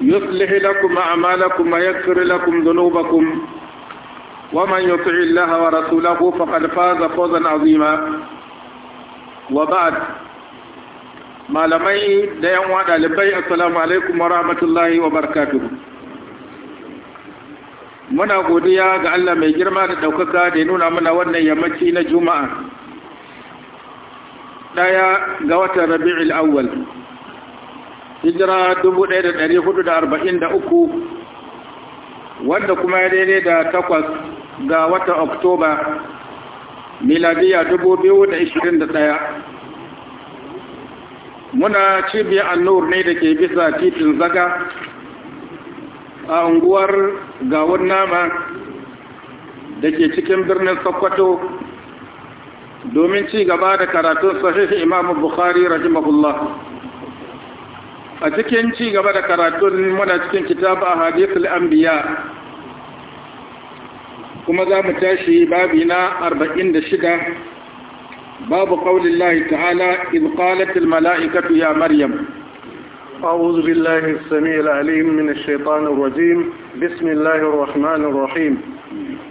يصلح لكم أعمالكم ويغفر لكم ذنوبكم ومن يطع الله ورسوله فقد فاز فوزا عظيما وبعد ما لمي ديان وانا السلام عليكم ورحمة الله وبركاته منا قوديا قال لما يجرما لدوكك دينونا من ونا يمتين جمعا دايا قوة ربيع الأول hijira 1443 wadda kuma ya daidai da takwas ga watan oktoba miladiya 2021 muna cibiyar annur ne da ke bisa titin zaga a unguwar gawon nama da ke cikin birnin sokoto domin ci gaba da karatun sahihi imamu bukhari rahimahullah a cikin ci gaba da karatun muna cikin kitabu a hadithul anbiya kuma za mu tashi babi na 46 babu qaulin lahi ta'ala idh qalat al mala'ikatu ya maryam أعوذ بالله السميع العليم من الشيطان الرجيم rajim bismillahir rahmanir rahim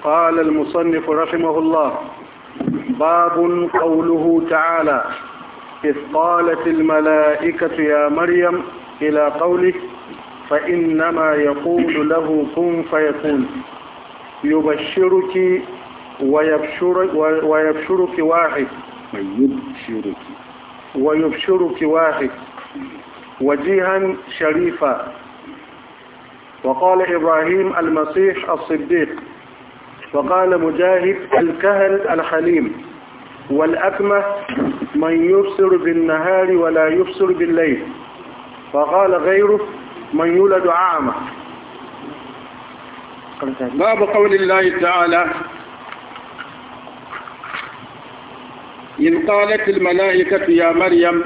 qala al-musannif rahimahullah باب قوله تعالى إذ قالت الملائكة يا مريم إلى قوله فإنما يقول له كن فيكون يبشرك ويبشرك, ويبشرك واحد ويبشرك ويبشرك واحد وجيها شريفا وقال إبراهيم المسيح الصديق وقال مجاهد الكهل الحليم والأكمة من يبصر بالنهار ولا يبصر بالليل فقال غيره من يولد عامة باب قول الله تعالى إن قالت الملائكة يا مريم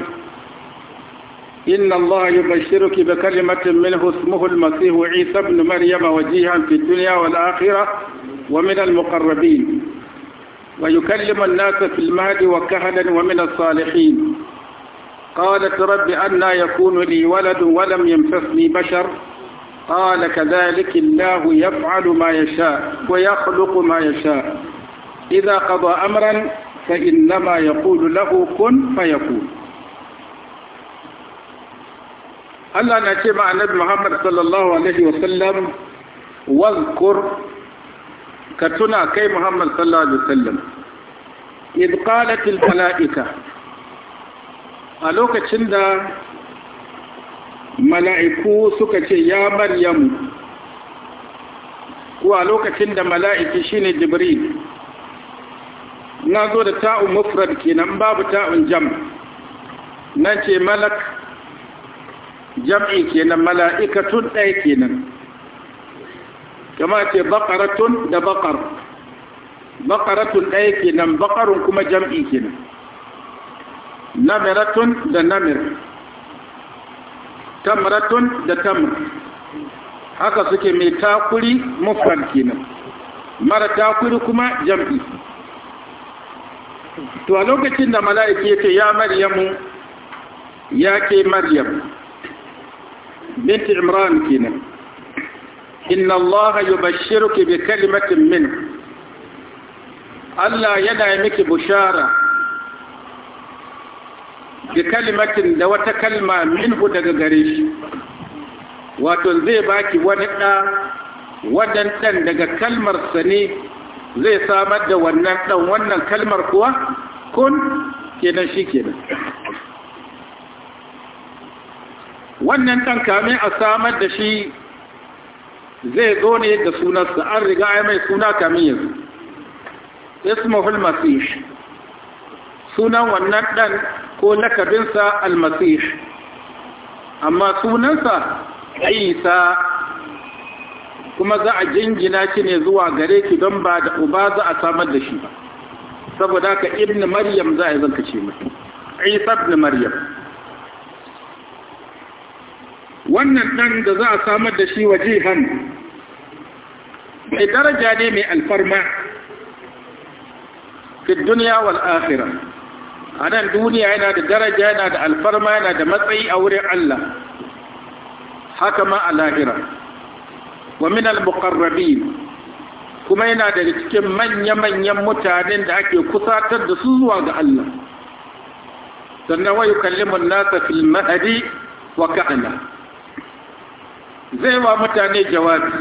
إن الله يبشرك بكلمة منه اسمه المسيح عيسى بن مريم وجيها في الدنيا والآخرة ومن المقربين ويكلم الناس في المهد وكهلا ومن الصالحين قالت رب أن يكون لي ولد ولم ينفسني بشر قال كذلك الله يفعل ما يشاء ويخلق ما يشاء إذا قضى أمرا فإنما يقول له كن فيكون ألا نتمع نبي محمد صلى الله عليه وسلم واذكر كتنا كي محمد صلى الله عليه وسلم إذ قالت الملائكة a lokacin da mala'iku suka ce ya maryamu ko a lokacin da mala'iki shine jibril na zo da ta'un mufrad kenan babu ta'un jam na ce malak jam'i kenan mala'ikatun ɗaya kenan kama ce bakaratun da bakar bakaratun ɗaya kenan bakarun kuma jam'i kenan namiratun da namir tamratun da tamar, haka suke mai takuri mufran kenan mara takuri kuma jam'i to a lokacin da mala'iki ya ya maryamu ya ke maryam binti imran kenan inna allaha yubashshiruki bi kalimatin min Allah yana miki bushara bi kalimatin da wata kalma minhu daga gare shi wato zai baki wani ɗa wannan ɗan daga kalmarsa ne zai samar da wannan ɗan wannan kalmar kuwa kun kenan shi kenan wannan ɗan kame a samar da shi zai zo ne da sunarsa an riga ai mai suna kamin yanzu ismahul masih sunan wannan ɗan ko lakabinsa almasih amma sunansa isa kuma za a jingina shi ne zuwa gare ki don ba da uba za a samar da shi ba saboda ka ibn maryam za a yi zanka ce musu isa ibn maryam wannan ɗan da za a samar da shi wajihan mai daraja ne mai alfarma fi duniya wal akhirah a nan duniya yana da daraja yana da alfarma yana da matsayi a wurin Allah haka ma a lahira wa min al kuma yana daga cikin manya-manyan mutanen da ake kusatar da su zuwa ga Allah sannan wa yukallimun nasa fil mahdi wa ka'ana zai wa mutane jawabi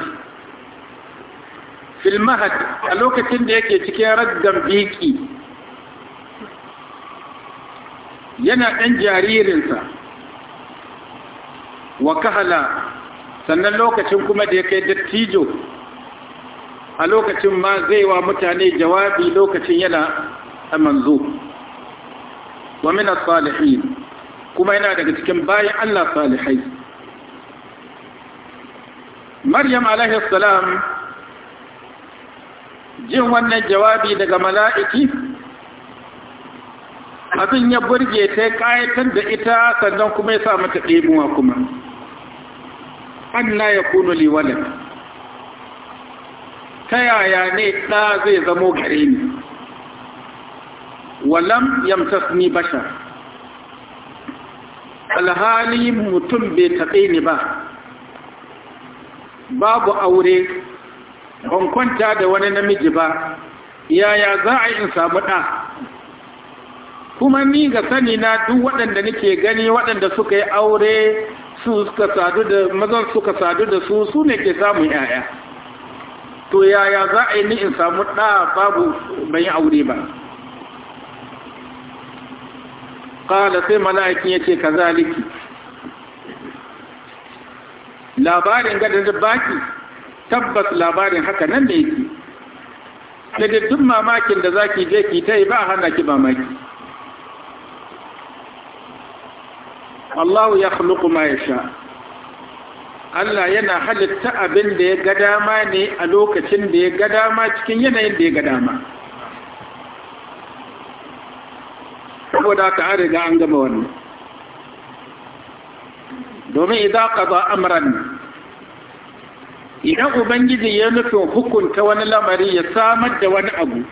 fil mahdi a lokacin da yake cikin raggan biki yana ɗan jaririnsa wa kahala sannan lokacin kuma da ya kai dattijo a lokacin ma zai wa mutane jawabi lokacin yana a manzo wa mina salihi kuma yana daga cikin bayan Allah salihai Maryam alaihi salam jin wannan jawabi daga mala'iki abin ya burge ta kayatar da ita sannan kuma ya sa mata ɗemuwa kuma an na ya kuno liwalin ta yaya ne ɗa zai zamo gare ni walam yamtas ni basha alhali mutum bai taɓe ni ba babu aure ban kwanta da wani namiji ba yaya za a yi in samu ɗa kuma ni ga sani na duk waɗanda nake gani waɗanda suka yi aure su suka sadu da mazan suka sadu da su su ne ke samun yaya to yaya za a yi ni in samu ɗa babu ban yi aure ba ƙala sai mala'ikin ya ce ka zaliki labarin gadon da baki tabbas labarin haka nan da yake da duk mamakin da za ki je ki ta yi ba hana ki mamaki Allah ya khluqu ma yasha Allah yana halitta abin da ya ga dama ne a lokacin da ya ga dama cikin yanayin da ya ga dama saboda ka an riga an gama wannan domin idan qada amran idan ubangiji ya nufin hukunta wani lamari ya samar da wani abu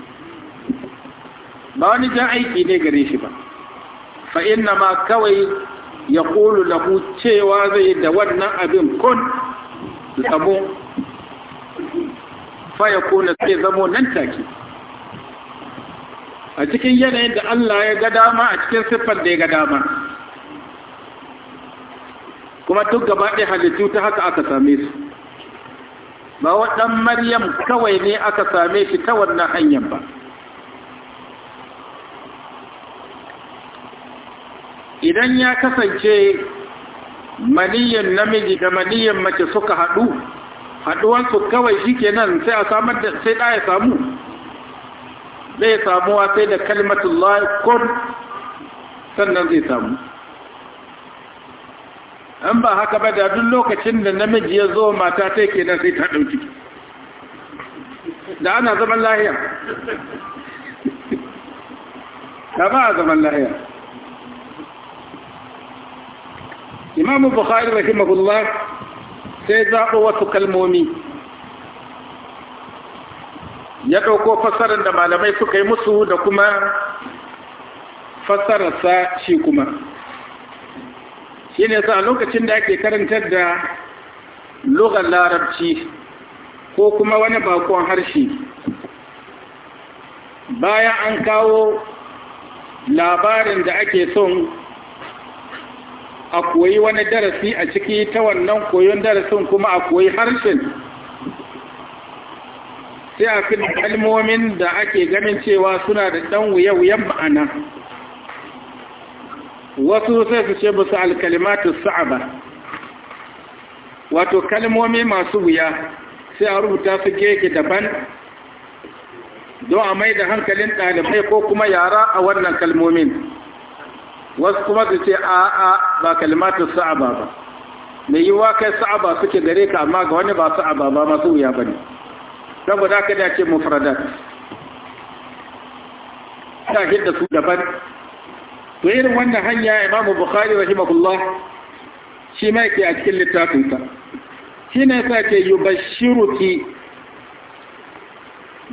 ba wani jan aiki ne gare shi ba fa inna ma kawai ya ƙulu lahu cewa zai da wannan abin kun zamo faya kuna sai zamo nan take a cikin yanayin da Allah ya ga dama a cikin siffar da ya ga dama kuma duk gaba ɗaya halittu ta haka aka same su ba waɗan maryam kawai ne aka same shi ta wannan hanyar ba idan ya kasance maniyin namiji da maniyin mace suka haɗu haɗuwansu kawai shi kenan sai a samar da sai ɗaya samu zai samuwa sai da kalmatullah kun sannan zai samu an ba haka ba da duk lokacin da namiji ya zo mata ta kenan sai ta ɗauki da ana zaman lahiya ta ba a zaman lahiya imamu bukhari rahimahullah sai zaɓo wasu kalmomi ya ɗauko fassarar da malamai suka yi musu da kuma fassararsa shi kuma shi ne sa lokacin da ake karantar da lugar larabci ko kuma wani bakon harshe bayan an kawo labarin da ake son a koyi wani darasi a ciki ta wannan koyon darasin kuma a koyi harshen sai a fi kalmomin da ake ganin cewa suna da ɗan wuye-wuyen ma'ana wasu sai su ce basu alkalimatu sa'aba wato kalmomi masu wuya sai a rubuta su keke daban don a mai da hankalin ɗalibai ko kuma yara a wannan kalmomin wasu kuma su ce a a ba kalimatun sa'aba ba mai wa kai sa'aba suke gare ka amma ga wani ba sa'aba ba masu wuya ba ne aka ka da ce mufradat ta hidda su daban to irin wannan hanya imamu bukhari rahimahullah shi ma ke a cikin littafinsa shi ne sa ke shiruki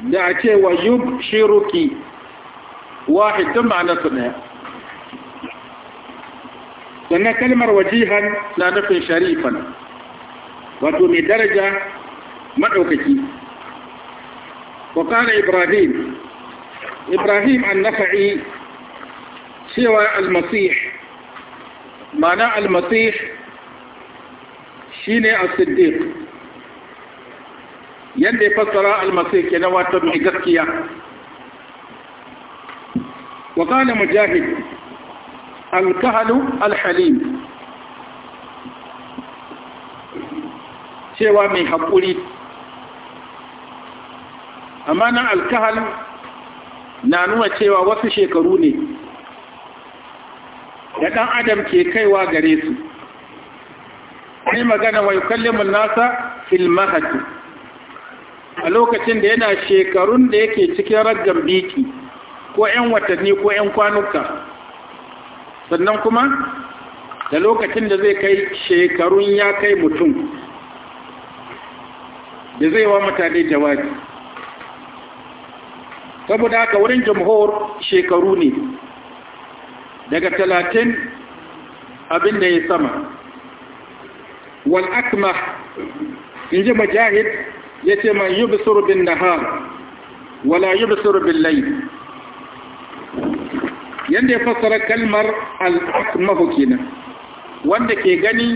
da a ce wa shiruki wahid don ma'anarsu ɗaya وانا كلمة وجيها لا نفي شريفا ودوني درجة مدوكتي وقال إبراهيم إبراهيم النفعي سوى المسيح معنى المسيح شيني الصديق يندي فصلاء المسيح ينوى تبعي قصية وقال مجاهد alkahalu alhalim cewa mai haƙuri amma nan alkahal na nuna cewa wasu shekaru ne da ɗan adam ke kaiwa gare su ne magana wai yukallimun nasa fil a lokacin da yana shekarun da yake cikin raggan biki ko 'yan watanni ko 'yan kwanuka sannan kuma da lokacin da zai kai shekarun ya kai mutum da zai wa mutane jawabi saboda haka wurin jamhur shekaru ne daga talatin abin da ya sama wal'akma in ji majahid ya ce man yi bisuru bin nahar wala yi bisuru bin laifin yadda ya fassara kalmar al'akmahu kenan wanda ke gani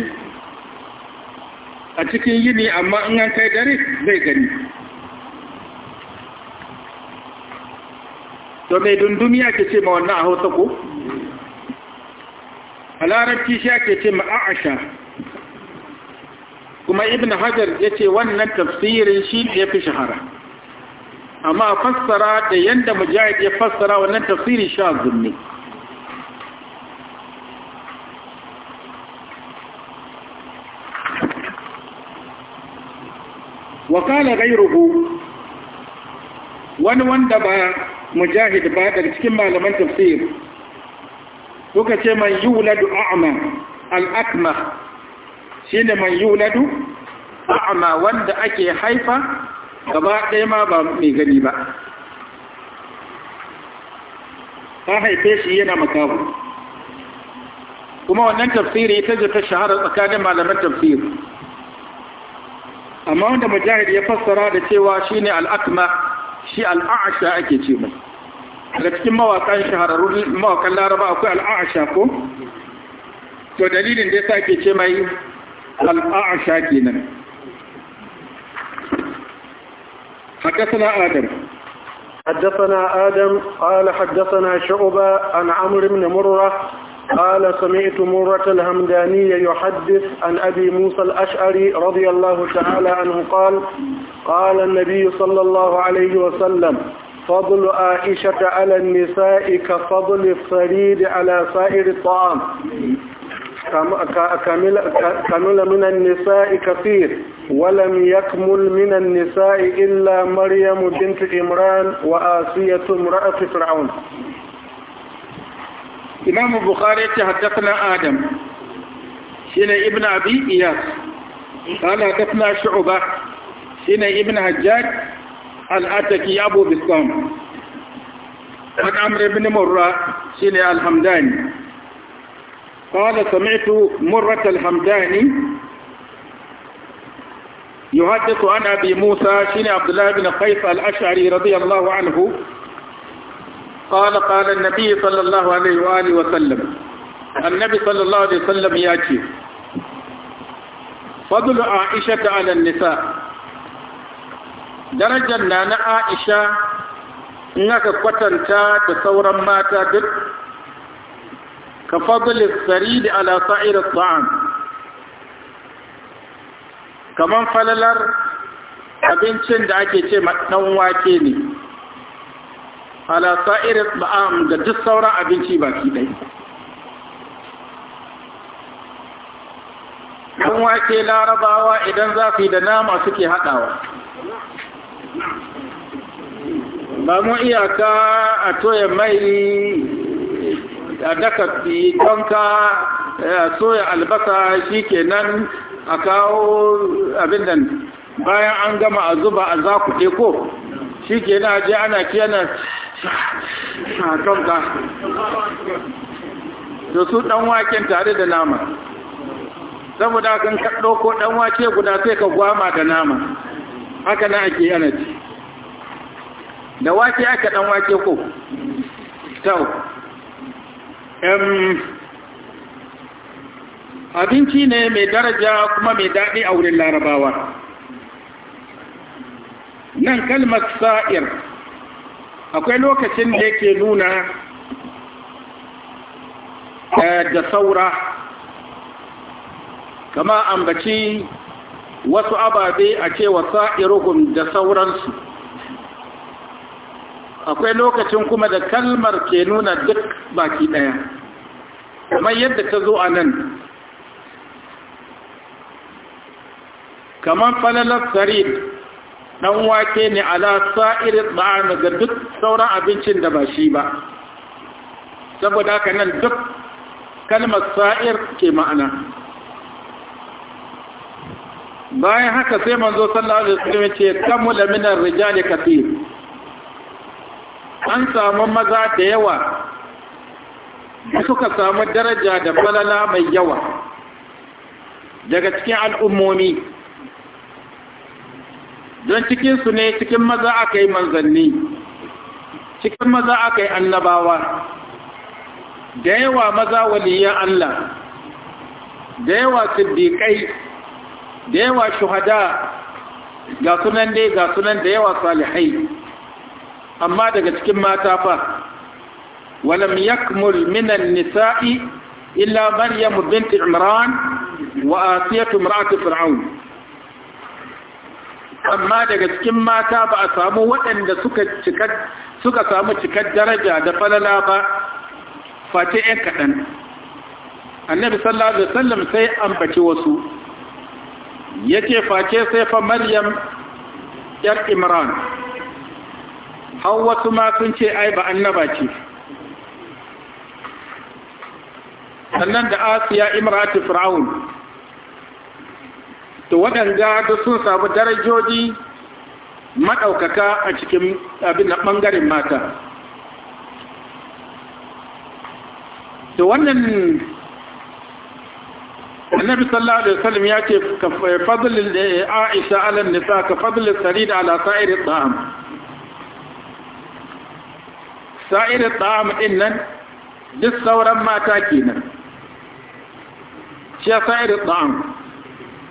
a cikin yini amma in an kai dare zai gani to mai dundumi ake ce ma wannan a hausa ko? a larabci shi ake ce ma a'asha kuma ibn hajar ya ce wannan tafsirin shi ya fi shahara amma fassara da yanda mujahid ya fassara wannan tafsiri sha zunni wakala gairuhu wani wanda ba mujahid ba daga cikin malaman tafsir suka ce man yuladu a'ma al shi shine man yuladu a'ma wanda ake haifa gaba ɗaya ma ba mai gani ba ta haife shi yana makamu. kuma wannan tafsiri ita ce ta shahara tsakanin malaman tafsir. amma wanda mujahid ya fassara da cewa shine al'akma shi al'a'asha ake ce mai daga cikin mawakan shahararru mawakan laraba akwai al'a'asha ko to dalilin da ya sa ke ce mai al'a'asha kenan حدثنا آدم حدثنا آدم قال حدثنا شعبة عن عمرو بن مرة قال سمعت مرة الهمداني يحدث عن أبي موسى الأشعري رضي الله تعالى عنه قال قال النبي صلى الله عليه وسلم فضل عائشة على النساء كفضل الصريد على سائر الطعام كمل من النساء كثير ولم يكمل من النساء إلا مريم بنت إمران وآسية امرأة فرعون إمام البخاري حدثنا آدم سنة ابن أبي إياس قال حدثنا شعبة سنة ابن هجاج الأتكي أبو بسام عن عمرو بن مرة سنة الحمداني قال سمعت مرة الحمداني يحدث عن أبي موسى شين عبد الله بن قيس الأشعري رضي الله عنه قال قال النبي صلى الله عليه وآله وسلم النبي صلى الله عليه وسلم ياتي فضل عائشة على النساء درجة نانا عائشة إنك قتلتا تصورا ما دك ka fadlis da ala sa'ir ta'am kaman falalar abincin da ake ce ɗan wake ne ala sa'ir ba'am da duk sauran abinci baki dai dan wake larabawa idan zafi da nama suke haɗawa. ba mu iyaka a toye mai daka tonka soya albasa shi kenan a kawo abin nan bayan an gama a zuba a za zakuɗe ko shi kenan na je ana kenan tonka da su ɗan waken tare da nama saboda kan kaɗo ko ɗanwake wake guda sai ka gwama da nama haka na ake yana ci da wake aka ɗanwake wake ko tau abinci ne mai daraja kuma mai daɗi a wurin larabawa nan kalmar sa'ir akwai lokacin da yake nuna eh, da saura kama ambaci wasu ababe a cewa sa'iruhum da sauransu akwai lokacin kuma da kalmar ke nuna duk baki ɗaya kamar yadda ta zo a nan kamar falalar sarid ɗan wake ne ala sa’ir ba'ana ga duk sauran abincin da ba shi ba saboda haka nan duk kalmar sa'ir ke ma'ana bayan haka sai manzo sallallahu alaihi wasallam ce kamula minar rijali kathir an samu maza da yawa da suka samu daraja da falala mai yawa daga cikin al'ummomi don cikinsu ne cikin maza aka yi manzanni cikin maza aka yi annabawa da yawa maza waliyan Allah da yawa siddiƙai da yawa shuhada ga sunan dai ga sunan da yawa salihai amma daga cikin mata fa ولم يكمل nisa'i illa maryam bint imran wa وآسية امرأة fir'aun amma daga cikin mata ba a samu waɗanda suka samu cikar daraja da falala ba face 'yan kaɗan annabi sallallahu alaihi wasallam sai ambaci wasu yake face sai fa maryam yar imran har wasu ma sun ce ai ba annaba ce sannan da asiya imratu fir'aun to waɗanda duk sun samu darajoji maɗaukaka a cikin abin na ɓangaren mata to wannan annabi sallallahu alaihi wasallam ya ce ka fadlil eh, aisha ala nisa ka fadlil sarid ala sa'ir ta'am sa'irin ta'am ɗin nan duk sauran mata kenan shi sa'irin ta'am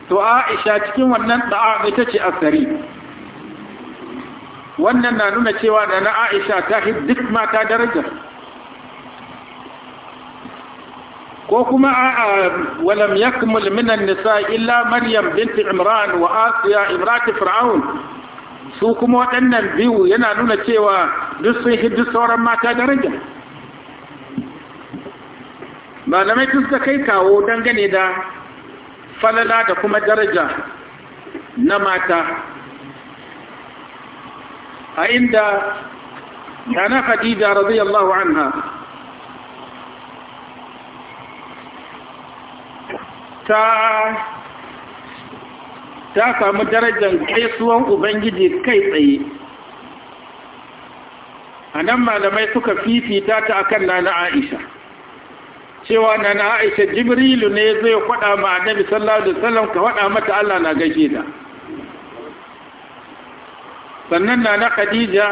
to aisha cikin wannan ta'am ita ce asari wannan na nuna cewa da na aisha ta fi duk mata daraja ko kuma a walam yakmul minan nisa illa maryam binti imran wa asiya imrati fir'aun su kuma waɗannan biyu yana nuna cewa duk sun hiddu sauran mata daraja malamai tun suka kai kawo dangane da falala da kuma daraja na mata a inda yana hadida radiyallahu anha ta ta samu darajar gaisuwan ubangiji kai tsaye a nan malamai suka fifita ta akan nana aisha cewa nana aisha jibrilu ne zai kwaɗa ma annabi sallallahu alaihi wasallam ka waɗa mata Allah na gaishe ta sannan nana khadija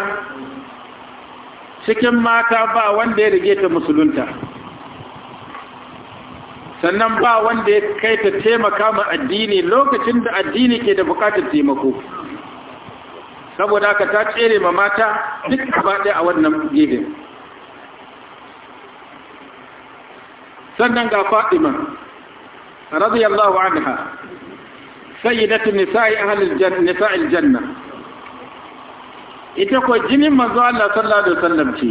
cikin mata ba wanda ya rige ta musulunta sannan ba wanda ya kai ta taimaka ma addini lokacin da addini ke da bukatar taimako saboda haka ta tsere ma mata duk ba ɗaya a wannan gidan. sannan ga fatima radiyallahu anha sayyidatu nisa'i ahlil janna nisa'il janna ita ko jinin manzo Allah sallallahu alaihi wasallam ce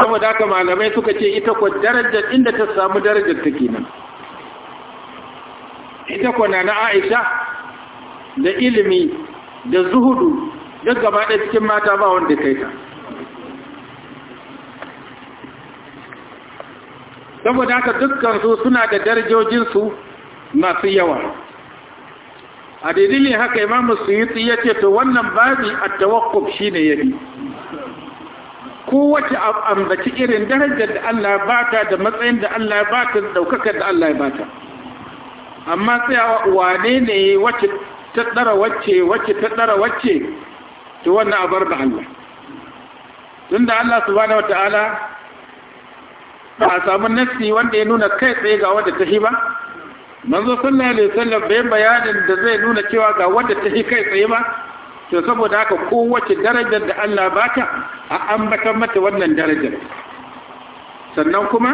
saboda haka malamai suka ce ita ko darajar inda ta samu darajar take nan ita ko na Aisha da ilimi da zuhudu duk gaba ɗaya cikin mata ba wanda kai ta saboda haka dukkan su suna da darajojinsu masu yawa a dalilin haka imamu suyuti ya ce to wannan babi a tawakkuf shine yabi kowace ambaci irin darajar da Allah bata da matsayin da Allah bata da daukakar da Allah bata amma tsayawa wane ne wacce ta tsara wacce wacce ta tsara wacce to wannan abar da Allah tunda Allah subhanahu wataala ba a samu nassi wanda ya nuna kai tsaye ga wanda ta ba manzo sallallahu alaihi wasallam bayan bayanin da zai nuna cewa ga wanda ta kai tsaye ba to saboda haka kowace darajar da Allah ba ta, a ambatan mata wannan darajar sannan kuma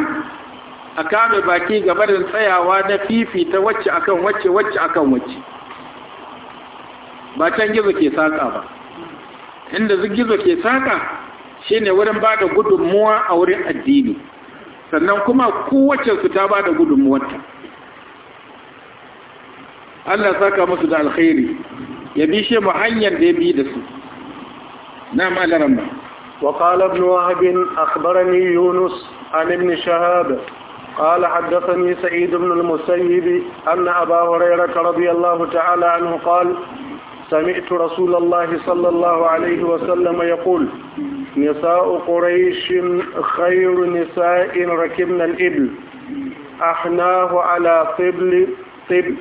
a kame baki gaba da tsayawa na fifita wacce akan wacce wacce akan wacce ba can gizo ke saka ba inda gizo ke shi shine wurin ba da gudunmuwa a wurin addini sannan kuma kowace su ta ba da gudunmuwanta Allah saka musu da alkhairi ya bishe mu hanyar da نعم على da وقال ابن وهب أخبرني يونس عن ابن شهاب قال حدثني سعيد بن المسيب أن أبا هريرة رضي الله تعالى عنه قال سمعت رسول الله صلى الله عليه وسلم يقول نساء قريش خير نساء ركبنا الإبل أحناه على طبل طبل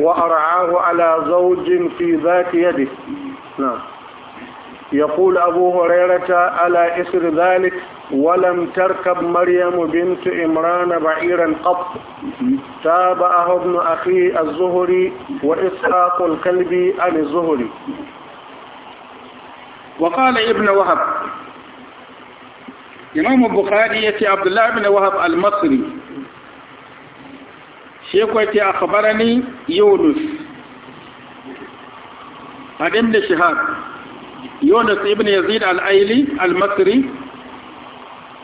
وأرعاه على زوج في ذات يده نعم يقول أبو هريرة على إسر ذلك ولم تركب مريم بنت إمران بعيرا قط تابعه ابن أخي الزهري وإسحاق الكلبي عن الزهري وقال ابن وهب إمام البخاري يتي عبد الله بن وهب المصري shi kwace yunus abin ibn yazid al-aili al-masri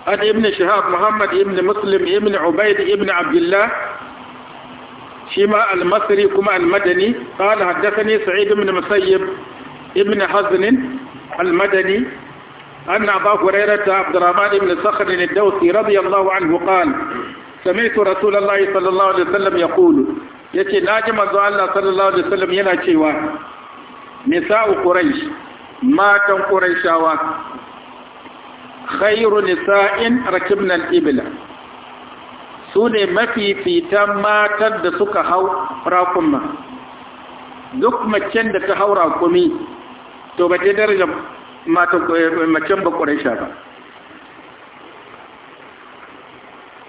an ibn shahab muhammad ibn muslim ibn ubaid ibn abdullah shi ma al-masri kuma al-madani qala haddathani sa'id ibn musayyib ibn hazn al-madani أن أبا هريرة عبد الرحمن بن صخر الدوسي رضي الله عنه قال سمعت رسول ya صلى الله عليه وسلم يقول يتي ناجم الله صلى الله عليه وسلم ينا cewa نساء قريش matan قريشاوا خير نساء ركبنا الإبل sune mafifitan matar da suka hau rakunma duk macen da ta hau rakumi to ba daraja eh, macen ba ƙuraisha ba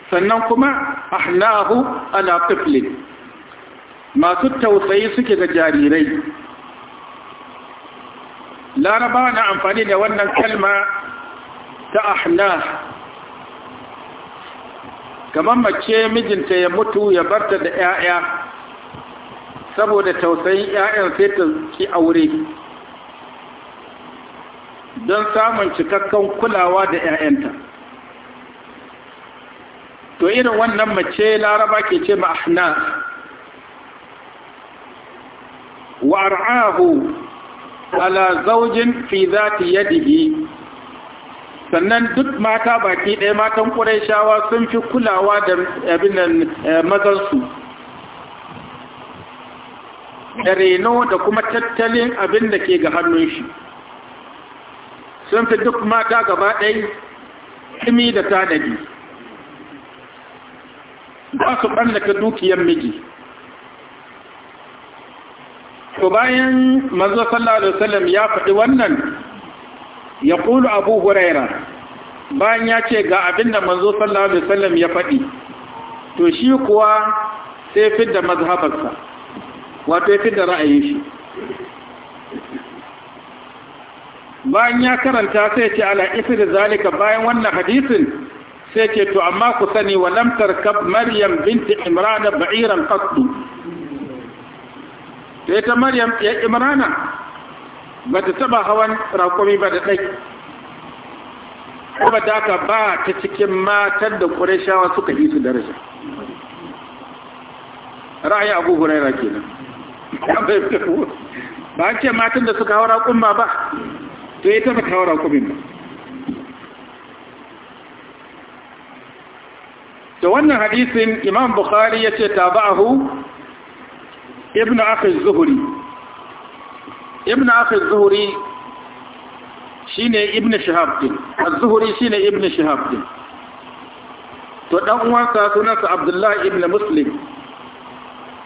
sannan kuma ahlahu ala tiflin masu tausayi suke ga jarirai laraba na amfani da wannan kalma ta ahlah kamar mace mijinta ya mutu ya barta da 'ya'ya saboda tausayin 'ya'yan sai ta ki aure don samun cikakken kulawa da 'ya'yanta to irin wannan mace laraba ke ce ma ahna wa ar'ahu ala zaujin fi zati yadihi sannan duk mata baki ɗaya matan ƙuraishawa sun fi kulawa da abinan eh, mazansu da reno da kuma tattalin abin da ke ga hannun shi sun fi duk mata gaba ɗaya da tanadi ba su ɓannaka dukiyar miji to bayan manzo sallallahu alaihi salam ya faɗi wannan ya ƙulu abu huraira bayan ya ce ga abinda manzo sallallahu alaihi salam ya faɗi to shi kuwa sai da mazhabarsa wato ya da ra'ayin shi bayan ya karanta sai ce ala isri zalika bayan wannan hadisin sai ke to amma ku sani wa lam tarkab maryam binti imran ba'iran qattu to ita maryam ya imrana ba ta taba hawan rakumi ba da dai ba ta ka ba ta cikin matan da qurayshawa suka yi su daraja ra'ayi abu huraira kenan ba ce matan da suka hawa rakumi ba to ita ba ta hawa rakumi ba da wannan hadisin imam bukhari ya ce taba'ahu ibn akhi zuhuri ibn akhi zuhuri shine ibn shihab din az-zuhuri shine ibn shihab to dan uwansa sunansa abdullahi ibn muslim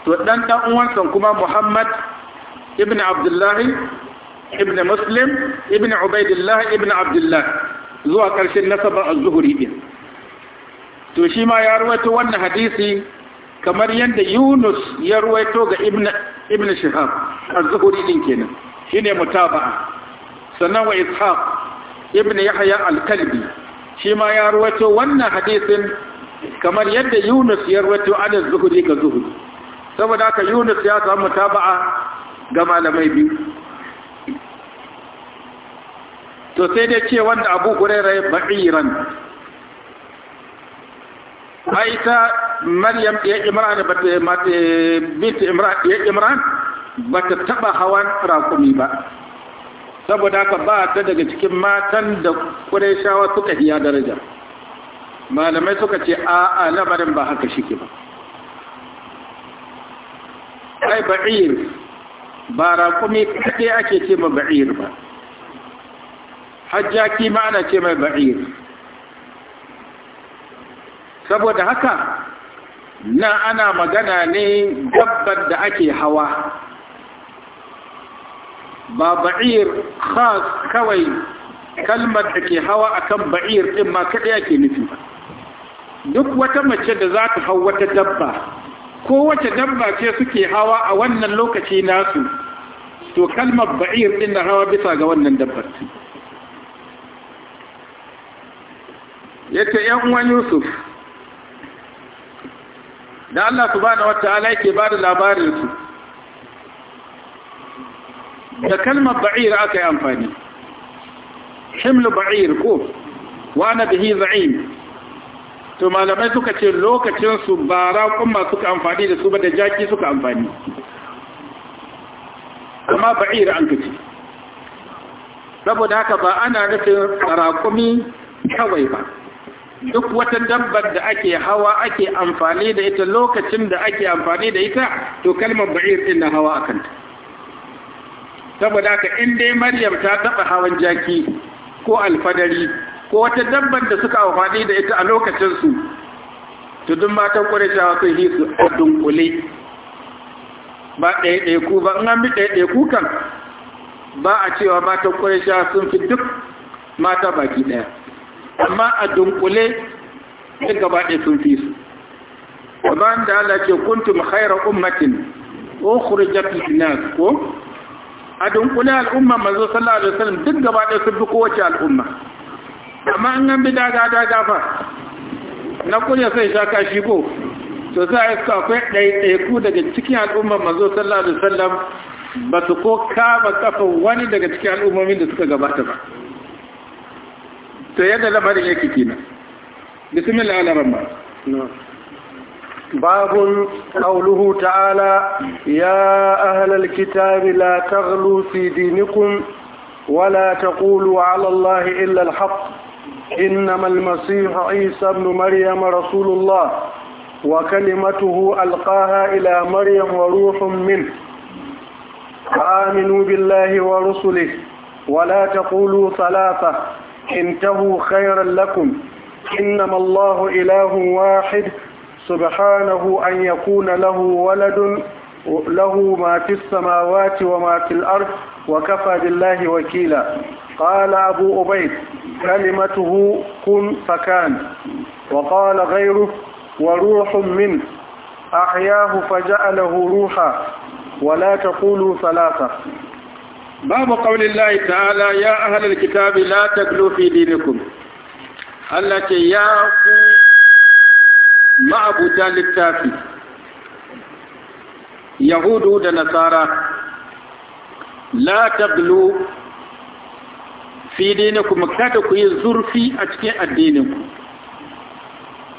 to dan dan kuma muhammad ibn abdullahi ibn muslim ibn ubaidillah ibn Abdullahi zuwa ƙarshen nasaba az-zuhuri din to shi ma ya ruwaito wannan hadisi kamar yadda Yunus ya ruwaito ga Ibn Ibn Shihab az-Zuhri din kenan shine mutaba'a sannan wa Ishaq Ibn Yahya al-Kalbi shi ma ya ruwaito wannan hadisin kamar yadda Yunus ya ruwaito an zuhuri ga Zuhri saboda haka Yunus ya samu mutaba'a ga malamai biyu to sai dai ce wanda Abu Hurairah ba'iran Aisha maryam ya imran ba ta mata bint imran ya imran ba ta taba hawan rakumi ba saboda haka ba ta daga cikin matan da qurayshawa suka hiya daraja malamai suka ce a a labarin ba haka shike ba ai ba'ir ba raƙumi kake ake ce ma ba'ir ba hajjaki ma ana ce mai ba'ir saboda haka na ana magana ne dabbar da ake hawa ba ba'ir khas kawai kalmar da ke hawa akan ba'ir din ma kaɗai ake nufi duk wata mace da za ta hau wata dabba ko wace dabba ce suke hawa a wannan lokaci nasu to kalmar ba'ir din na hawa bisa ga wannan dabbar yace yan uwan yusuf da Allah subhanahu wataala yake ba da labarin su da kalmar ba'ir aka yi amfani himlu ba'ir ko wa na bihi za'im to malamai suka ce lokacin su ba raƙumma suka amfani da su ba da jaki suka amfani amma ba'ir an kace saboda haka ba ana nufin raƙumi kawai ba duk wata dabbar da ake hawa ake amfani da ita lokacin da ake amfani da ita to kalmar ba'ir din na hawa akan ta saboda haka in dai maryam ta taba hawan jaki ko alfadari ko wata dabbar da suka amfani da ita a lokacin su to duk matan ta sun yi su a kule ba ɗaya ku ba in an bi ɗaya ku kan ba a cewa matan ƙurashawa sun fi duk mata baki ɗaya amma a dunkule duk gaba ɗaya sun fi su gaban da Allah ce kuntum khairu ummatin kuri jafi nas ko a dunkule al'umma manzo sallallahu alaihi wasallam duk gaba ɗaya sun fi kowace al'umma amma an gan bi daga daga fa na kunya sai shaka shi ko to yi ka akwai ku daga cikin al'umma manzo sallallahu alaihi wasallam ba su ko kama kafa wani daga cikin al'ummomin da suka gabata ba to yadda lamarin بسم الله الرحمن al-rahman باب قوله تعالى يا أهل الكتاب لا تغلوا في دينكم ولا تقولوا على الله إلا الحق إنما المسيح عيسى ابن مريم رسول الله وكلمته ألقاها إلى مريم وروح منه آمنوا بالله ورسله ولا تقولوا ثلاثة انتهوا خيرا لكم إنما الله إله واحد سبحانه أن يكون له ولد له ما في السماوات وما في الأرض وكفى بالله وكيلا قال أبو أبيد كلمته كن فكان وقال غيره وروح منه أحياه فجعله روحا ولا تقولوا ثلاثة babu ƙaunin layi ta'ala ya ahalar kitabi la ta fi dinikum Allah ce ya ku ma'abuta littafi yahudu da nasara la ta fi dinikum kada ku yi zurfi a cikin addininku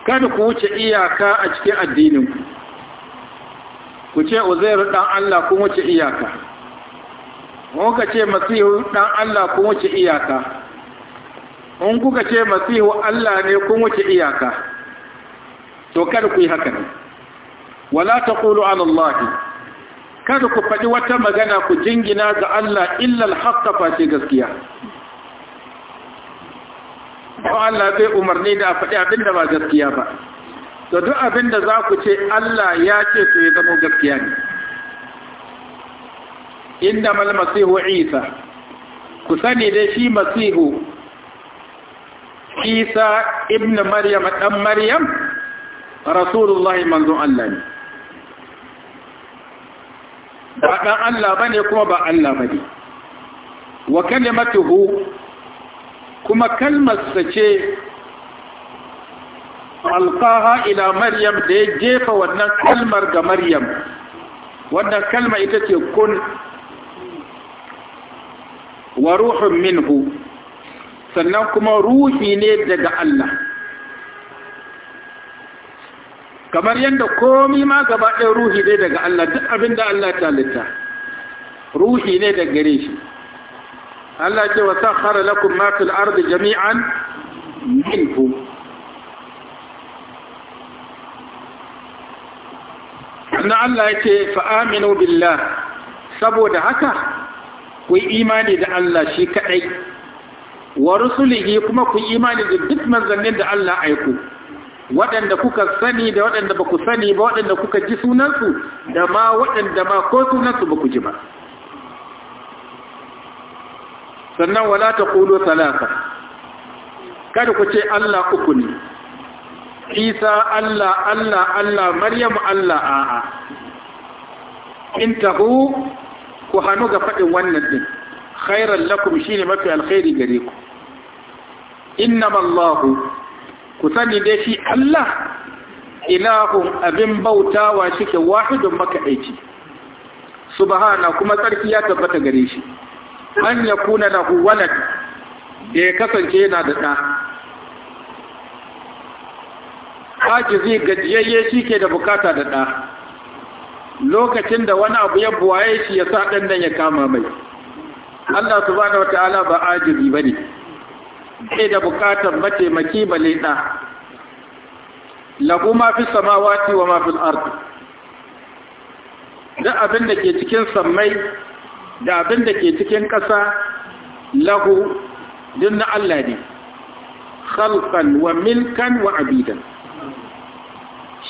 kada ku wuce iyaka a cikin addininku ku ce uzair dan Allah ku wuce iyaka muka ce masihu dan Allah kun wuce iyaka in kuka ce masihu Allah ne kun wuce iyaka to kada ku yi haka ne wala taqulu ala Allah kada ku faɗi wata magana ku jingina ga Allah illa al-haqqa fa ce gaskiya ko Allah bai umarni da a faɗi abin da ba gaskiya ba to duk abin da za ku ce Allah ya ce to ya zama gaskiya ne innamal masihu isa ku sani dai shi masihu isa ibn maryam dan maryam rasulullahi manzon Allah ne ba dan Allah bane kuma ba Allah bane wa kalimatuhu kuma kalmarsa ce alqaha ila maryam da ya jefa wannan kalmar ga maryam wannan kalma ita ce kun wa ruhun minhu sannan kuma ruhi ne daga Allah kamar yadda komi ma gaba ɗaya ruhi ne daga Allah duk abinda Allah ta halitta ruhi ne daga gare shi Allah ce wa sakhara lakum ma fil ardi jami'an minhu sannan Allah ya ce fa aminu billah saboda haka ku yi imani da Allah shi kaɗai wa rusulihi kuma ku yi imani da duk manzannin da Allah aiku waɗanda kuka sani da waɗanda ba ku sani ba waɗanda kuka ji sunansu da ma waɗanda ma ko sunansu ba ku ji ba sannan wala ta ƙulo talata kada ku ce Allah uku ne isa Allah Allah Allah maryamu Allah a'a in tahu ku hannu ga faɗin wannan ɗin khairan lakum ne mafi alkhairi gare ku innama Allah ku sani dai shi Allah ilahun abin bautawa ke wahidun aiki. subhana kuma tsarki ya tabbata gare shi an ya kuna na walad da ya kasance yana da ɗa haji zai gajiyayye shi ke da bukata da ɗa lokacin da wani abu ya buwaye shi ya sa ɗanɗan ya kama mai Allah subhanahu wata'ala ba jiri ba ne sai da bukatar mataimaki ba leɗa lagu mafi samawati wa mafin ardu Da abin da ke cikin sammai da abin da ke cikin ƙasa lagu din na Allah ne khalqan wa milkan wa abidan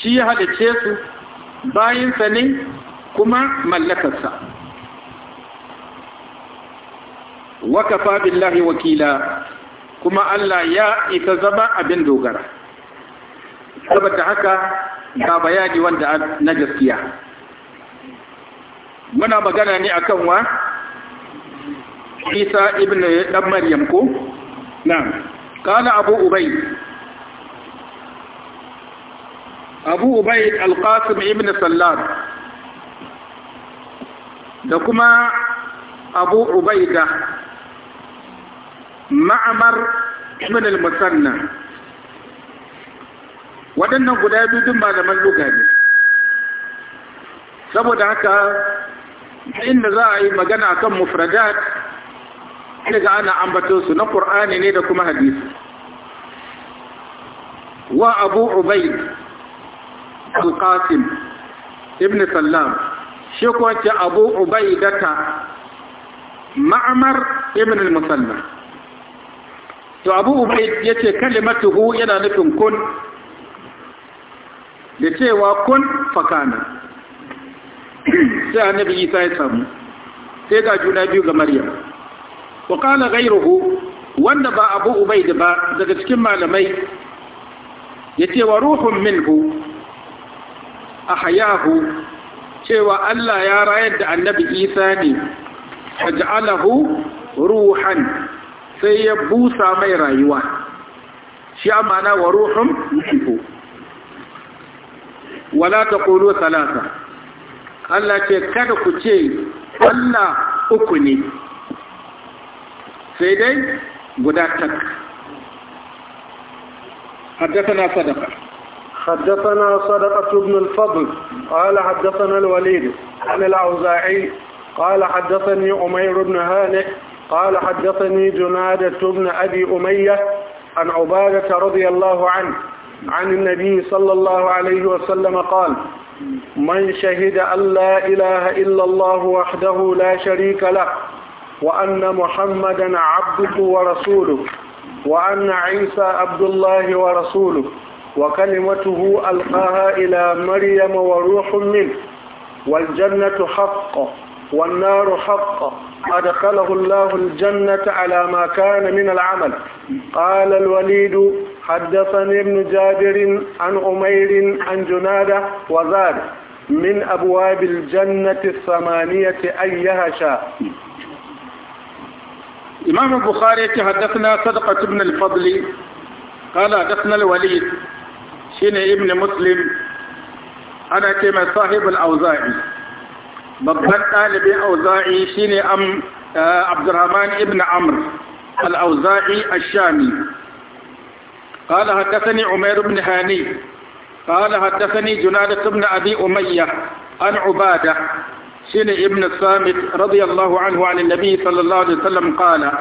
shi ya ce su bayansa ne kuma mallakarsa wakafa billahi wakila kuma Allah ya isa zama abin dogara saboda haka ga bayani wanda na gaskiya muna magana ne akan wa Isa ibn dan Maryam ko na'am قال أبو أبي abu ubaid alqasim ibn sallam da kuma abu ubaida ma'amar ibn al-musanna waɗannan guda biyu duk malaman luga ne saboda haka inda za a yi magana akan mufradat daga ana ambato su na ƙur'ani ne da kuma hadisi wa abu ubaid alƙasim ibn sallam shi kuwa ce abu ubaidata ma'amar ibn musallam to abu ubaid ya ce kalimatuhu yana nufin kun da cewa kun fakana sai annabi isa ya samu sai ga juna biyu ga maryam wa qala ghayruhu wanda ba abu ubaid ba daga cikin malamai yace wa ruhun minhu ahyahu cewa Allah ya rayar da annabi Isa ne faj'alahu ruhan sai ya busa mai rayuwa shi amana wa ruhun mutu wala taqulu salasa Allah ce kada ku ce Allah uku ne sai dai guda tak حدثنا صدقه حدثنا صدقة بن الفضل قال حدثنا الوليد عن الأوزاعي قال حدثني أمير بن هانئ قال حدثني جنادة بن أبي أمية عن عبادة رضي الله عنه عن النبي صلى الله عليه وسلم قال من شهد أن لا إله إلا الله وحده لا شريك له وأن محمدا عبده ورسوله وأن عيسى عبد الله ورسوله وكلمته ألقاها إلى مريم وروح منه والجنة حق والنار حق أدخله الله الجنة على ما كان من العمل قال الوليد حدثني ابن جابر عن عمير عن جنادة وزاد من أبواب الجنة الثمانية أيها شاء إمام البخاري حدثنا صدقة ابن الفضل قال حدثنا الوليد شيني ابن مسلم أنا كما صاحب الأوزاعي ببن طالب الاوزاعي شيني أم آه، عبد الرحمن ابن عمرو الأوزاعي الشامي قال حدثني عمير بن هاني قال حدثني جنادة بن أبي أمية عن عبادة شيني ابن الصامت رضي الله عنه عن النبي صلى الله عليه وسلم قال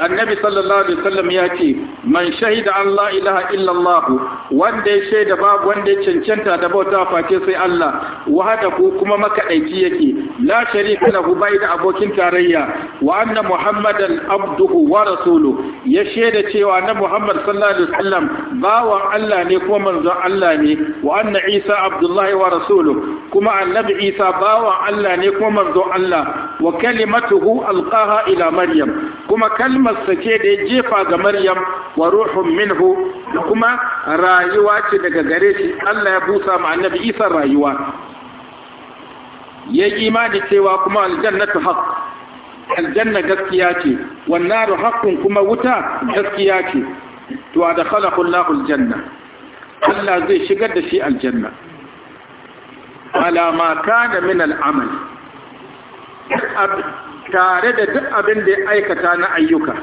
annabi sallallahu alaihi wasallam ya ce man shahida an la ilaha illallah wanda ya shaida babu wanda ya cancanta da bauta face sai Allah wahada ku kuma makadaici yake la sharika lahu bai da abokin tarayya wa anna muhammadan abduhu wa rasulu ya shaida cewa na muhammad sallallahu alaihi wasallam bawan Allah ne kuma manzon Allah ne wa anna isa abdullahi wa rasulu kuma annabi isa bawan Allah ne kuma manzon Allah wa kalimatuhu alqaha ila maryam kuma kalma kalmarsa ce da ya jefa ga Maryam wa ruhun minhu da kuma rayuwa ce daga gare shi Allah ya busa ma annabi Isa rayuwa ya imani cewa kuma aljannatu haqq aljanna gaskiya ce wan naru haqqun kuma wuta gaskiya ce to adkhalahu Allahu aljanna Allah zai shigar da shi aljanna ala ma kana min al'amal tare da duk abin da ya aikata na ayyuka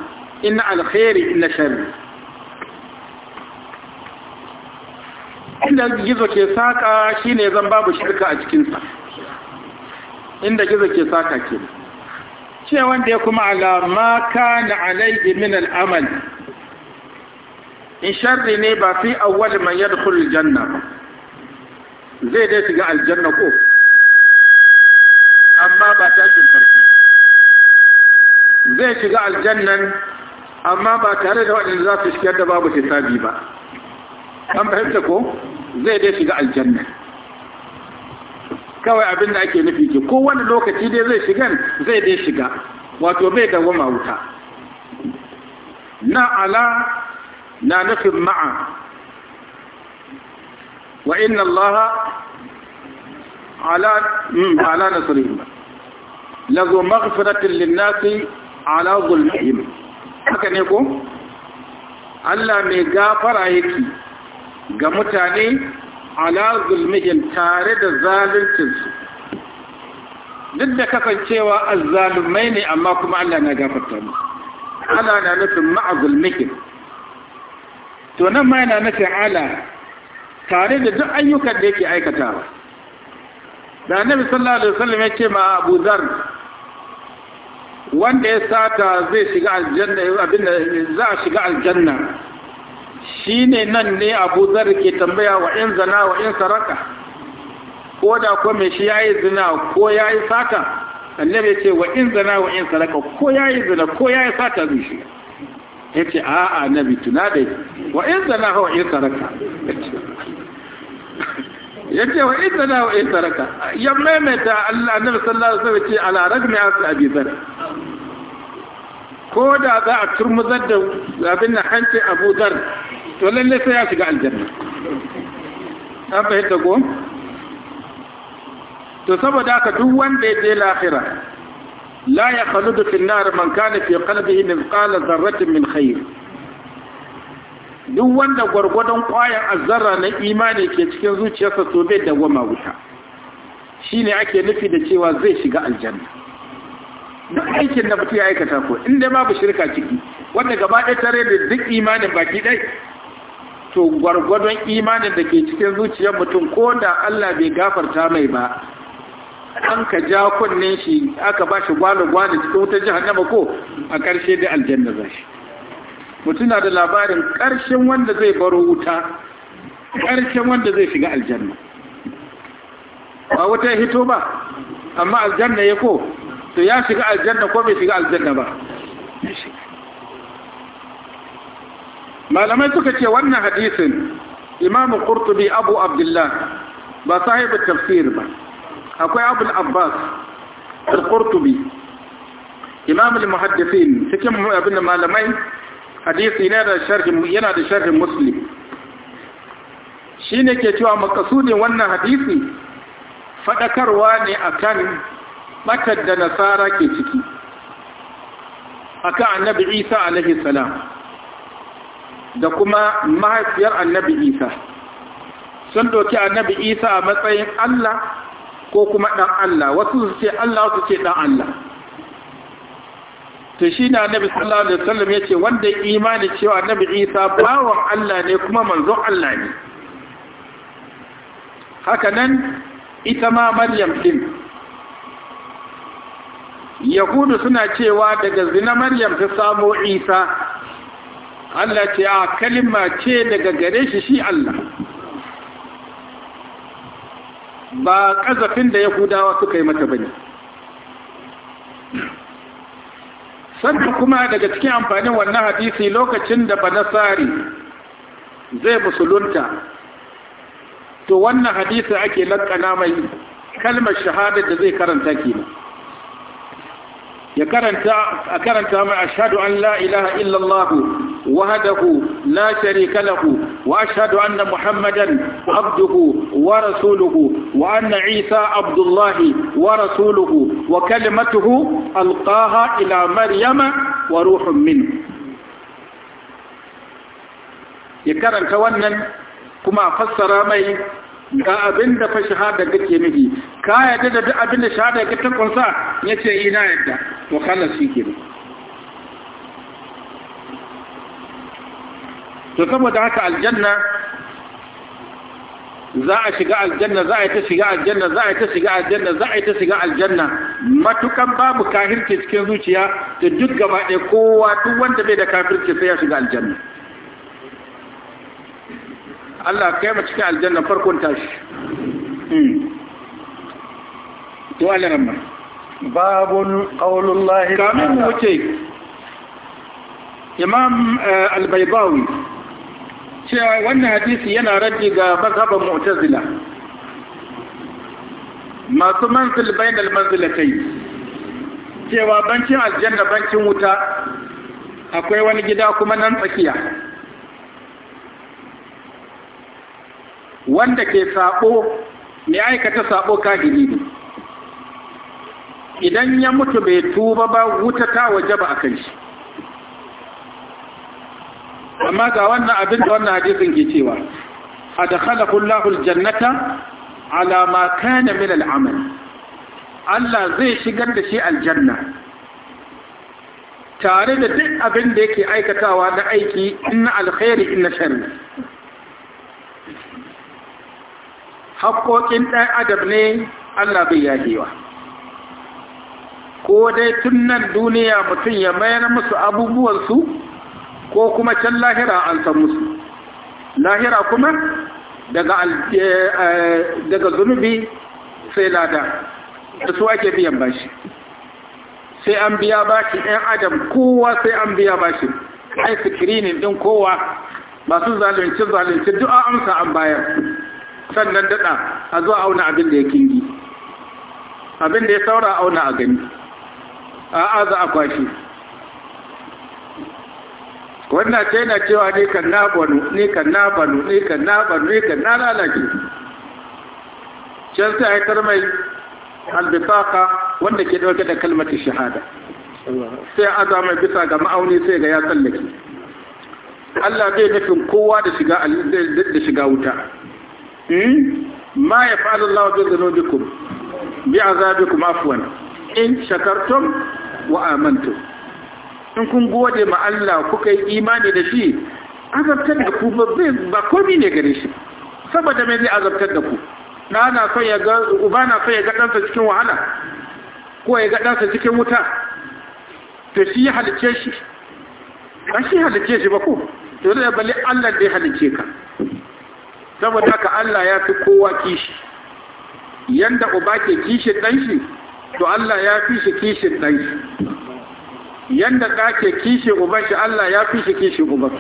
inna alkhairi inna shari. inda gizo ke saka shine zan babu shirka a cikinsa inda gizo ke saka ke ce wanda ya kuma alama kana alaihi min al'amal in sharri ne ba fi awwal man yadkhul janna ba zai dai shiga aljanna ko amma ba ta shi zai shiga aljannan amma ba tare da waɗanda za su shigar da babu hisabi ba an fahimta ko zai dai shiga aljannan kawai abin da ake nufi ke kowane lokaci dai zai shigan zai dai shiga wato bai da dawama wuta na ala na nufin ma'a wa inna allaha ala hmm, ala lazo maghfiratin lin-nasi ala zulmihim haka ne ko Allah mai gafara yake ga mutane ala zulmihim tare da su. duk da kasancewa azzalumai ne amma kuma Allah na gafarta mu Allah na nufin ma'a zulmihim to nan ma yana nufin ala tare da duk ayyukan da yake aikata. da annabi sallallahu alaihi wasallam ya ce ma Abu Dharr wanda ya sata zai shiga aljanna abin za a shiga aljanna shine nan ne Abu Zar ke tambaya wa in zana wa in saraka ko da ko me shi yayi zina ko yayi sata annabi ya ce wa in zana wa in saraka ko yayi zina ko yayi sata zai Ya yace a a nabi tuna dai wa in zana wa in saraka yace wa in zana wa in saraka ya maimaita Allah annabi sallallahu alaihi wasallam ce ala ragmi ashabi zar ko da za a turmuzar da abin na hancin abu zar to lalle sai ya shiga aljanna an fahimta ko to saboda haka duk wanda ya je lahira la ya khaludu fi nar man kana fi qalbihi mithqala dharratin min khair duk wanda gwargwadon kwayan azzara na imani ke cikin zuciyarsa to bai ma wuta shine ake nufi da cewa zai shiga aljanna duk aikin da fito ya aikata ko in dai babu shirka ciki wanda gaba ɗaya tare da duk imanin baki ɗai to gwargwadon imanin da ke cikin zuciyar mutum ko da Allah bai gafarta mai ba an ka ja kunnen shi aka ba shi gwalo-gwalo cikin wutar jihannama ko a ƙarshe da aljanna za shi mutum na da labarin ƙarshen wanda zai baro wuta ƙarshen wanda zai shiga aljanna ba wuta ya hito ba amma aljanna ya ko to ya shiga aljanna ko bai shiga aljanna ba malamai suka ce wannan hadisin Imam qurtubi abu abdullah ba sahibu tafsir ba akwai abul abbas al-qurtubi imam al-muhaddisin cikin abin malamai hadisi ne da sharhin yana da sharhin muslim shine ke cewa makasudin wannan hadisi fadakarwa ne akan matar da nasara ke ciki a kan annabi isa alaihi salam da kuma mahaifiyar annabi isa sun doki annabi isa a matsayin allah ko kuma ɗan allah wasu su ce allah wasu ce ɗan allah Ta shi na annabi sallallahu alaihi wasallam ya ce wanda imani cewa annabi isa bawon allah ne kuma manzon allah ne haka nan ita ma maryam din yahudu suna cewa daga zina maryam ta samo isa Allah ce a kalima ce daga gare shi shi Allah ba ƙazafin da yahudawa suka yi mata bane sannan kuma daga cikin amfanin wannan hadisi lokacin da banasari zai musulunta to wannan hadisi ake lakana mai kalmar shahada da zai karanta kina. ya karanta a karanta mai ashhadu an la ilaha illallah la sharika lahu wa ashhadu anna muhammadan abduhu wa rasuluhu wa anna isa Abdullahi wa rasuluhu wa kalimatuhu alqaha ila maryama wa ruhun min ya karanta wannan kuma fassara mai ga abinda fa shahada take nufi ka yadda da duk abin da shahada ya ta kunsa ya ce ina eh, yadda to khalas shi ne. to saboda haka aljanna za a shiga aljanna za a yi ta shiga aljanna za a yi ta shiga aljanna za a yi ta shiga aljanna matukan babu kafirci cikin zuciya da duk gaba ɗaya kowa duk wanda bai da kafirci sai ya shiga aljanna Allah kai mu cikin aljanna farkon tashi hmm. to alaran babun qaulullahi kamin wuce imam eh, al cewa wannan hadisi yana rage ga mazhaban mu'tazila masu manzil bainal manzilatai cewa bankin aljanna bankin wuta akwai wani gida kuma nan tsakiya wanda ke sako mai aikata sako kagini ne idan ya mutu bai tuba ba wuta ta wajaba a kan shi amma ga wannan abin da wannan hadisin ke cewa adkhalahu Allahu aljannata ala ma kana min al'amal Allah zai shigar da shi aljanna tare da duk abin da yake aikatawa na aiki inna alkhairi inna sharri haƙoƙin ɗan adab ne Allah bai yahewa ko dai tun nan duniya mutum ya mayar musu abubuwansu ko kuma can lahira an san musu lahira kuma daga eh, eh, zunubi sai lada da su ake biyan bashi sai an biya bashi ɗan adam kowa sai an biya bashi ai sikirinin ɗin kowa masu zalunci zalunci du'a amsa an bayar sannan daɗa a zuwa auna abin da ya kingi abin da ya saura auna a gani A za a kwashi wannan ta yana cewa ni kan na banu ni kan na banu ni kan na banu ni kan na lalace can sai aikar mai albifaka wanda ke dauke da kalmatin shahada sai aza mai bisa ga ma'auni sai ga ya tsallake Allah zai nufin kowa da shiga da shiga wuta hmm? ma ya fa'alallahu bi zanubikum bi azabikum afwan in shakartum wa amantu in kun gode ma Allah kuka yi imani da shi azabtar da ku ba komi ne gare shi saboda mai zai azabtar da ku na ana so ya ga uba na son ya ga ɗansa cikin wahala ko ya ga ɗansa cikin wuta to shi ya halice shi ba shi halice shi ba ko to da bali Allah da ya halice ka saboda haka Allah ya fi kowa kishi yanda uba ke kishin ɗan shi to Allah ya fi shi kishin ɗan shi yadda ɗa ke kishi uban shi Allah ya fi shi kishin uban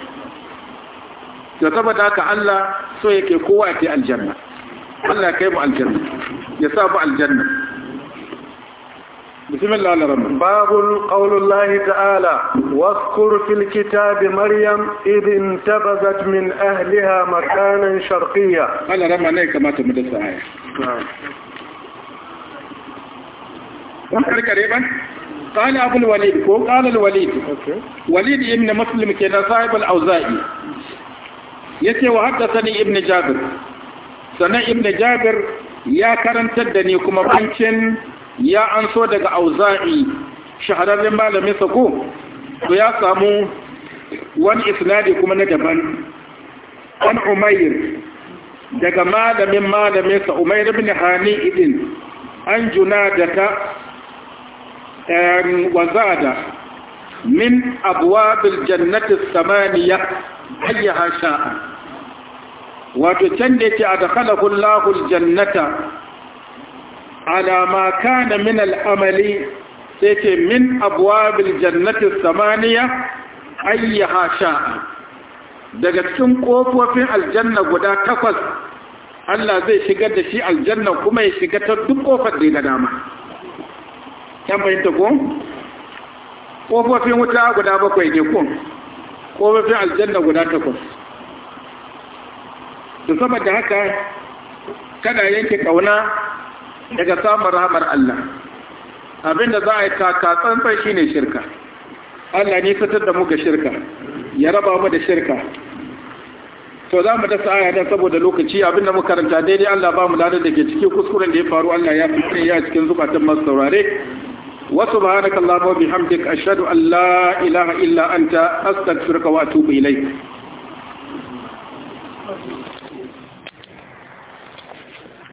da saboda haka Allah so yake kowa ke aljanna Allah kai mu aljanna ya sa mu aljanna بسم الله الرحمن باب قول الله تعالى واذكر في الكتاب مريم إذ انتبذت من أهلها مكانا شرقيا أنا رمى عليك ما تمدس آية kun karkare ba قال ابو الوليد ko قال الوليد وليد ابن مسلم كان صاحب الاوزاعي يتي wa ابن ibn سنه ابن ibn jabir ya karantar da ni kuma bancin ya anso daga auza'i shahararren malamin sa to ya samu wani isnadi kuma na daban an umayr daga malamin malamin sa umayr ibn hani idin an junadata wazada min abuwaɓin jannatin samaniya hayya sha'a wato can da yake a da kalakun lahul jannata alamaka na min al'amali sai ke min abuwaɓin jannatin samaniya hayya sha'a daga cikin ƙofofin aljanna guda takwas Allah zai shiga da shi aljanna kuma ya shiga ta duk ƙofar da ya dama yan fahimta ko ƙofofin wuta guda bakwai ne ko ƙofofin aljanna guda takwas da da haka kada yanke kauna daga samun rahamar Allah abinda za a yi taka tsantsan shine shirka Allah ne fitar da mu ga shirka ya raba mu da shirka to za mu dasa aya dan saboda lokaci abinda mu karanta daidai Allah ba mu ladan da ke cikin kuskuren da ya faru Allah ya fitar ya cikin zukatan masu saurare Wasu subhanaka allahumma wa hamdik a an la ilaha illa anta astaghfiruka wa atubu ilayk